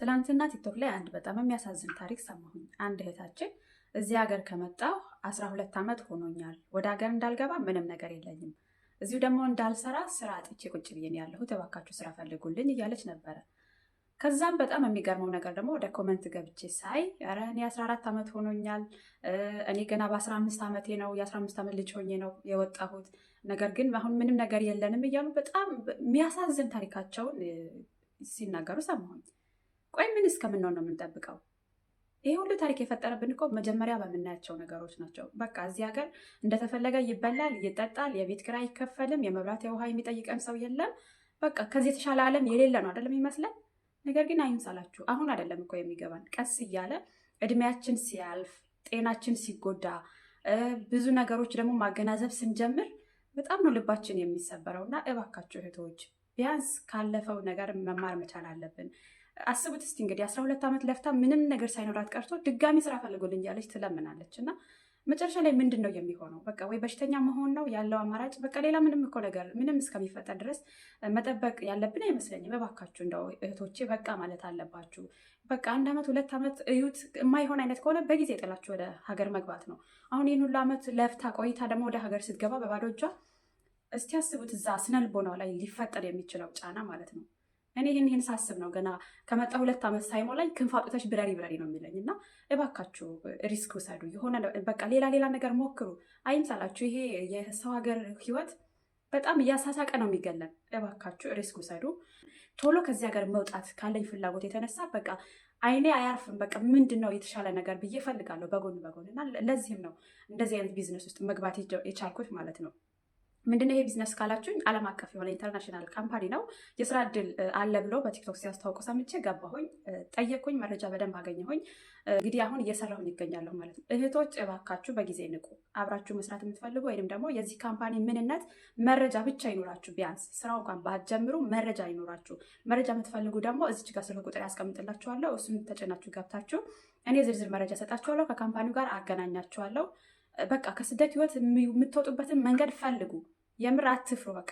ትላንትና ቲክቶክ ላይ አንድ በጣም የሚያሳዝን ታሪክ ሰማሁኝ። አንድ እህታችን እዚህ ሀገር ከመጣሁ አስራ ሁለት ዓመት ሆኖኛል። ወደ ሀገር እንዳልገባ ምንም ነገር የለኝም፣ እዚሁ ደግሞ እንዳልሰራ ስራ አጥቼ ቁጭ ብዬ ያለሁት፣ እባካችሁ ስራ ፈልጉልኝ እያለች ነበረ። ከዛም በጣም የሚገርመው ነገር ደግሞ ወደ ኮመንት ገብቼ ሳይ ኧረ እኔ 14 ዓመት ሆኖኛል፣ እኔ ገና በ15 ዓመቴ ነው የአስራ 15 ዓመት ልጅ ሆኜ ነው የወጣሁት፣ ነገር ግን አሁን ምንም ነገር የለንም እያሉ በጣም የሚያሳዝን ታሪካቸውን ሲናገሩ ሰማሁኝ። ቆይ ምን እስከምንሆን ነው የምንጠብቀው? ይሄ ሁሉ ታሪክ የፈጠረብን እኮ መጀመሪያ በምናያቸው ነገሮች ናቸው። በቃ እዚህ ሀገር እንደተፈለገ ይበላል፣ ይጠጣል፣ የቤት ኪራይ አይከፈልም፣ የመብራት የውሃ የሚጠይቀን ሰው የለም። በቃ ከዚህ የተሻለ ዓለም የሌለ ነው አይደለም ይመስለን። ነገር ግን አይምሳላችሁ፣ አሁን አይደለም እኮ የሚገባን። ቀስ እያለ እድሜያችን ሲያልፍ፣ ጤናችን ሲጎዳ፣ ብዙ ነገሮች ደግሞ ማገናዘብ ስንጀምር በጣም ነው ልባችን የሚሰበረው እና እባካችሁ እህቶች ቢያንስ ካለፈው ነገር መማር መቻል አለብን። አስቡት እስቲ እንግዲህ አስራ ሁለት ዓመት ለፍታ ምንም ነገር ሳይኖራት ቀርቶ ድጋሚ ስራ ፈልጎልኝ ያለች ትለምናለች እና መጨረሻ ላይ ምንድን ነው የሚሆነው? በቃ ወይ በሽተኛ መሆን ነው ያለው አማራጭ። በቃ ሌላ ምንም እኮ ነገር ምንም እስከሚፈጠር ድረስ መጠበቅ ያለብን አይመስለኝም። እባካችሁ እንደው እህቶቼ በቃ ማለት አለባችሁ። በቃ አንድ ዓመት ሁለት ዓመት እዩት። የማይሆን አይነት ከሆነ በጊዜ ጥላችሁ ወደ ሀገር መግባት ነው። አሁን ይህን ሁሉ ዓመት ለፍታ ቆይታ ደግሞ ወደ ሀገር ስትገባ በባዶ እጇ እስቲ አስቡት፣ እዛ ስነልቦናው ላይ ሊፈጠር የሚችለው ጫና ማለት ነው። እኔ ይህን ይህን ሳስብ ነው ገና ከመጣ ሁለት ዓመት ሳይሞላኝ ክንፍ አውጥተሽ ብረሪ ብረሪ ነው የሚለኝ። እና እባካችሁ ሪስክ ውሰዱ፣ የሆነ በቃ ሌላ ሌላ ነገር ሞክሩ። አይምሰላችሁ ይሄ የሰው ሀገር ህይወት በጣም እያሳሳቀ ነው የሚገለን። እባካችሁ ሪስክ ውሰዱ። ቶሎ ከዚህ ሀገር መውጣት ካለኝ ፍላጎት የተነሳ በቃ አይኔ አያርፍም። በቃ ምንድን ነው የተሻለ ነገር ብዬ ፈልጋለሁ በጎን በጎን እና ለዚህም ነው እንደዚህ አይነት ቢዝነስ ውስጥ መግባት የቻልኩት ማለት ነው። ምንድነው ይሄ ቢዝነስ ካላችሁኝ፣ ዓለም አቀፍ የሆነ ኢንተርናሽናል ካምፓኒ ነው። የስራ እድል አለ ብሎ በቲክቶክ ሲያስተዋውቁ ሰምቼ ገባሁኝ፣ ጠየቅኩኝ፣ መረጃ በደንብ አገኘሁኝ። እንግዲህ አሁን እየሰራሁኝ ይገኛለሁ ማለት ነው። እህቶች እባካችሁ በጊዜ ንቁ። አብራችሁ መስራት የምትፈልጉ ወይም ደግሞ የዚህ ካምፓኒ ምንነት መረጃ ብቻ ይኖራችሁ፣ ቢያንስ ስራው እንኳን ባትጀምሩ መረጃ ይኖራችሁ። መረጃ የምትፈልጉ ደግሞ እዚች ጋር ስልክ ቁጥር ያስቀምጥላችኋለሁ። እሱን ተጭናችሁ ገብታችሁ እኔ ዝርዝር መረጃ ሰጣችኋለሁ፣ ከካምፓኒው ጋር አገናኛችኋለሁ። በቃ ከስደት ህይወት የምትወጡበትን መንገድ ፈልጉ። የምር አትፍሩ። በቃ